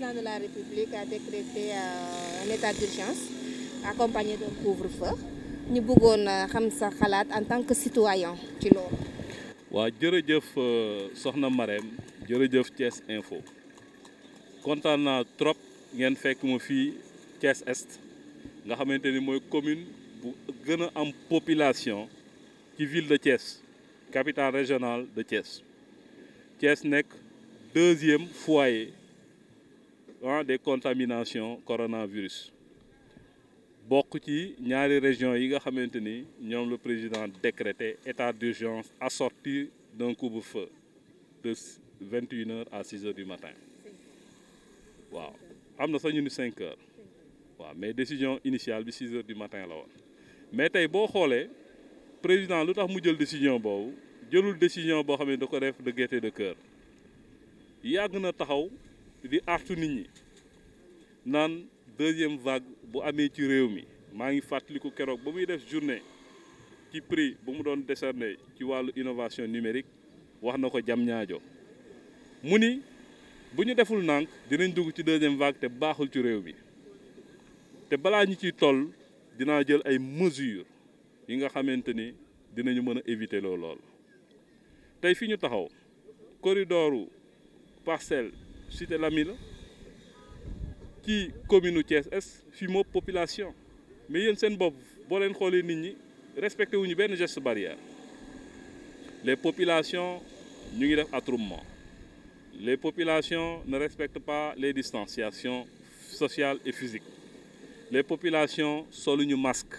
président de la République a décrété euh, euh, xalaat en tant que citoyen ci loolu. waa jërëjëf euh, soxna Marème jërëjëf Thiès Info kontaan naa trop ngeen fekk ma fii Thiès Est nga xamante ni mooy commune bu gën a am population ci ville de Thiès capitale régional de Thiès Thiès nekk deuxième foyer ah des contaminations coronavirus bokk ci ñaari région yi nga xamante ni ñoom le président décrété état d'urgence assorti d'un couvre-feu de vingt et une heures à six heures du matin waaw am na sax ni cinq heures waaw mais décision initiale bi six heures du matin la woon mais tey boo xoolee président lu tax mu jël décision boobu jëlul décision boo xam ne da ko def de gaieté de cœur yàgg na taxaw di artu nit ñi naan deuxième vague bu amee ci réew mi maa ngi fàttaliku keroog ba muy def journée ci prix bu mu doon décerné ci wàllu innovation numérique wax na ko jam ñaajo mu ni bu ñu deful nànk dinañ dugg ci deuxième vague te baaxul ci réew mi te balaa ñu ciy toll dinaa jël ay mesures yi nga xamante ni dinañu mën a éviter loolu lool tey fi ñu taxaw corridoru parcelle cité Lamy la ci commune Thiès Est fii moom population mais yéen seen bopp boo leen xoolee nit ñi respecté ñu benn geste barrière les populations ñu ngi def attroupement les populations ne respectent pas les distanciations sociales et physiques les populations ñu masque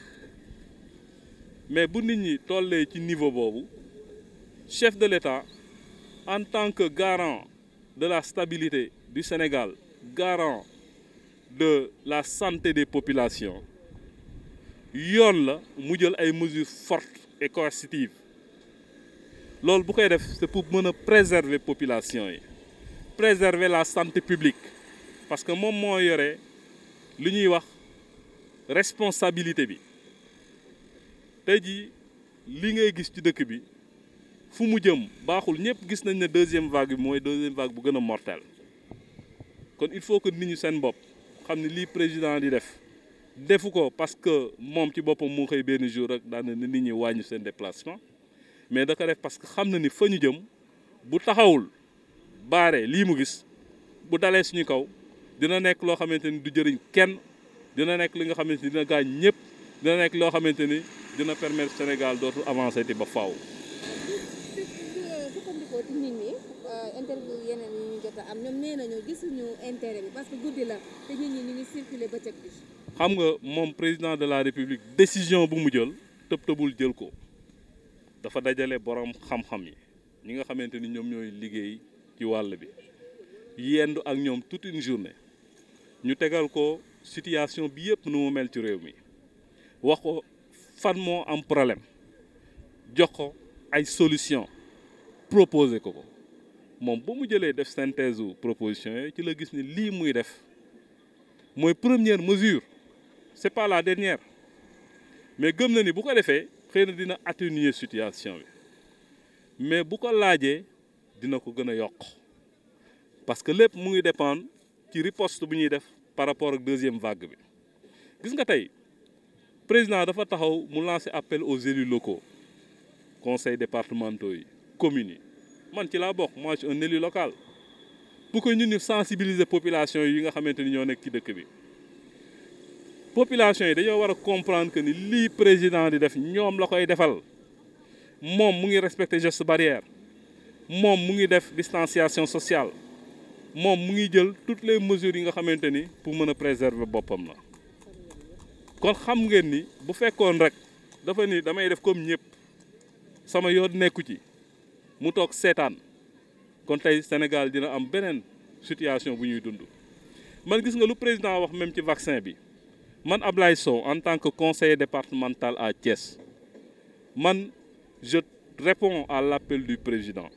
mais bu nit ñi tollee ci niveau boobu chef de l'État en tant que garant de la stabilité du Sénégal, garant de la santé des population yoon la mu jël ay mesures fortes et coercitives loolu bu koy def c'est pour mën a préserver population yi préserver la santé publique parce que moom moo yore li ñuy wax responsabilité bi tey jii li ngay gis ci dëkk bi fu mu jëm baaxul ñëpp gis nañ ne deuxième vague bi mooy deuxième vague bu gën a mortel kon il faut que nit ñu seen bopp xam ne lii président di def defu ko parce que moom ci boppam mu xëy benn jour rek daan na ne nit ñi wàññi seen déplacement mais da ko def parce que xam na ni fa ñu jëm bu taxawul baare lii mu gis bu dalee suñu kaw dina nekk loo xamante ni du jëriñ kenn dina nekk li nga xamante ni dina gaañ ñëpp dina nekk loo xamante ni dina permettre Sénégal dootul avancer ti ba faw Euh, interview ñu jot am nee nañu gisuñu intérêt bi parce que guddi la te nit ñi ñu ngi bëccëg bi. xam nga moom président de la république décision bu mu jël tëb tëbul jël ko dafa dajale borom xam-xam yi ñi nga xamante ni ñoom ñooy liggéey ci wàll bi yendu ak ñoom toute une journée ñu tegal ko situation bi yëpp nu mu mel ci réew mi wax ko fan moo am problème jox ko ay solution proposé ko ko. moom ba mu jëlee def synthèse u proposition ci la gis ni lii muy def mooy première mesure c'est pas la dernière mais gëm na ni bu ko defee xëy na dina atténuer situation bi mais bu ko laajee dina ko gën a yokk parce que lépp mu ngi dépendre ci riposte bu ñuy def par rapport ak deuxième vague bi gis nga tey président dafa taxaw mu lancer appel aux élus locaux conseils départementaux yi communes yi man ci laa bokk moi je un élu local pour que ñu ni sensibiliser population yi nga xamante ni ñoo nekk ci dëkk bi population yi dañoo war a comprendre que ni lii président di def ñoom la koy defal moom mu ngi respecter geste barrière moom mu ngi def distanciation sociale moom mu ngi jël toutes les mesures yi nga xamante ni pour mën a préserver boppam na kon xam ngeen ni bu fekkoon rek dafa ni damay def comme ñëpp sama yoon nekku ci mu toog seetaan kon tey Sénégal dina am beneen situation bu ñuy dund man gis nga lu président wax même ci vaccin bi man Ablaye Sow en tant que conseiller départemental à Thiès man je réponds à l'appel du président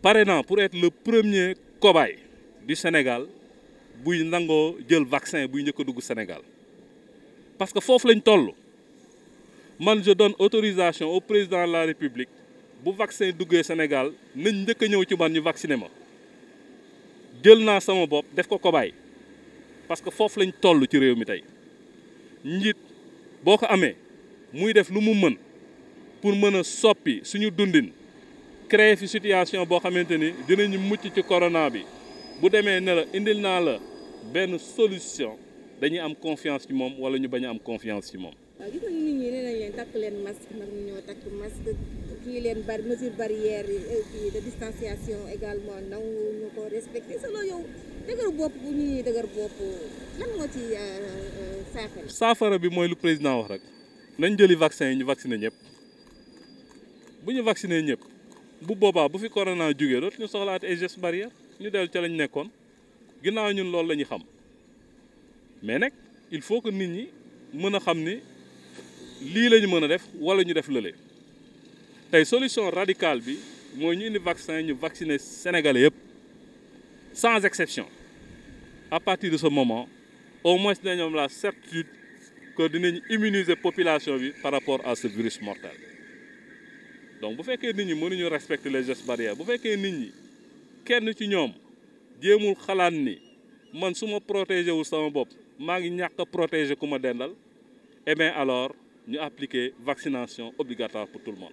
parrainant pour être le premier cobaye du Sénégal buy nangoo jël vaccin buy njëkk a dugg Sénégal parce que foofu lañ toll man je donne autorisation au président la République bu vaccin duggee Sénégal nañ njëkk a ñëw ci man ñu vacciné ma jël naa sama bopp def ko kobaay parce que foofu lañ tollu ci réew mi tey njiit boo ko amee muy def lu mu mën pour mën a soppi suñu dundin créer fi situation boo xamante ni dinañu mucc ci corona bi bu demee nela indil naa la benn solution dañuy am confiance ci moom wala ñu bañ a am confiance ci moom waaw gis nañu nit ñi nee leen takk leen masque nag ñoo takk masque kii leen bari mesure barrière yi euh, de distanciation également ñu ko respecté solo yow dëgër bopp bu ñuy dëgër bopp lan moo ci euh, euh, saafara. bi mooy lu président wax rek nañ jëli vaccin yi ñu vacciné ñëpp bu ñu vacciné ñëpp bu boobaa bu fi corona jógee dootuñu soxlaat ay gestes barrières ñu dell ca lañ nekkoon ginnaaw ñun lool la xam mais nag il faut que nit ñi mën a xam ni. lii la ñu mën a def wala ñu def lële tey solution radicale bi mooy ñu indi vaccin ñu vacciner sénégalais yëpp sans exception à partir de ce moment au moins dinañ am la certitude que dinañ immuniser population bi par rapport à ce virus mortel donc bu fekkee nit ñi mënuñu respecter les gestes barrières bu fekkee nit ñi kenn ci ñoom jéemul xalaat ni man suma ma protéger wu sama bopp maa ngi ñàkk a protéger ku ma dendal eh bien alors ñu appliquer vaccination obligatoire pour tout le monde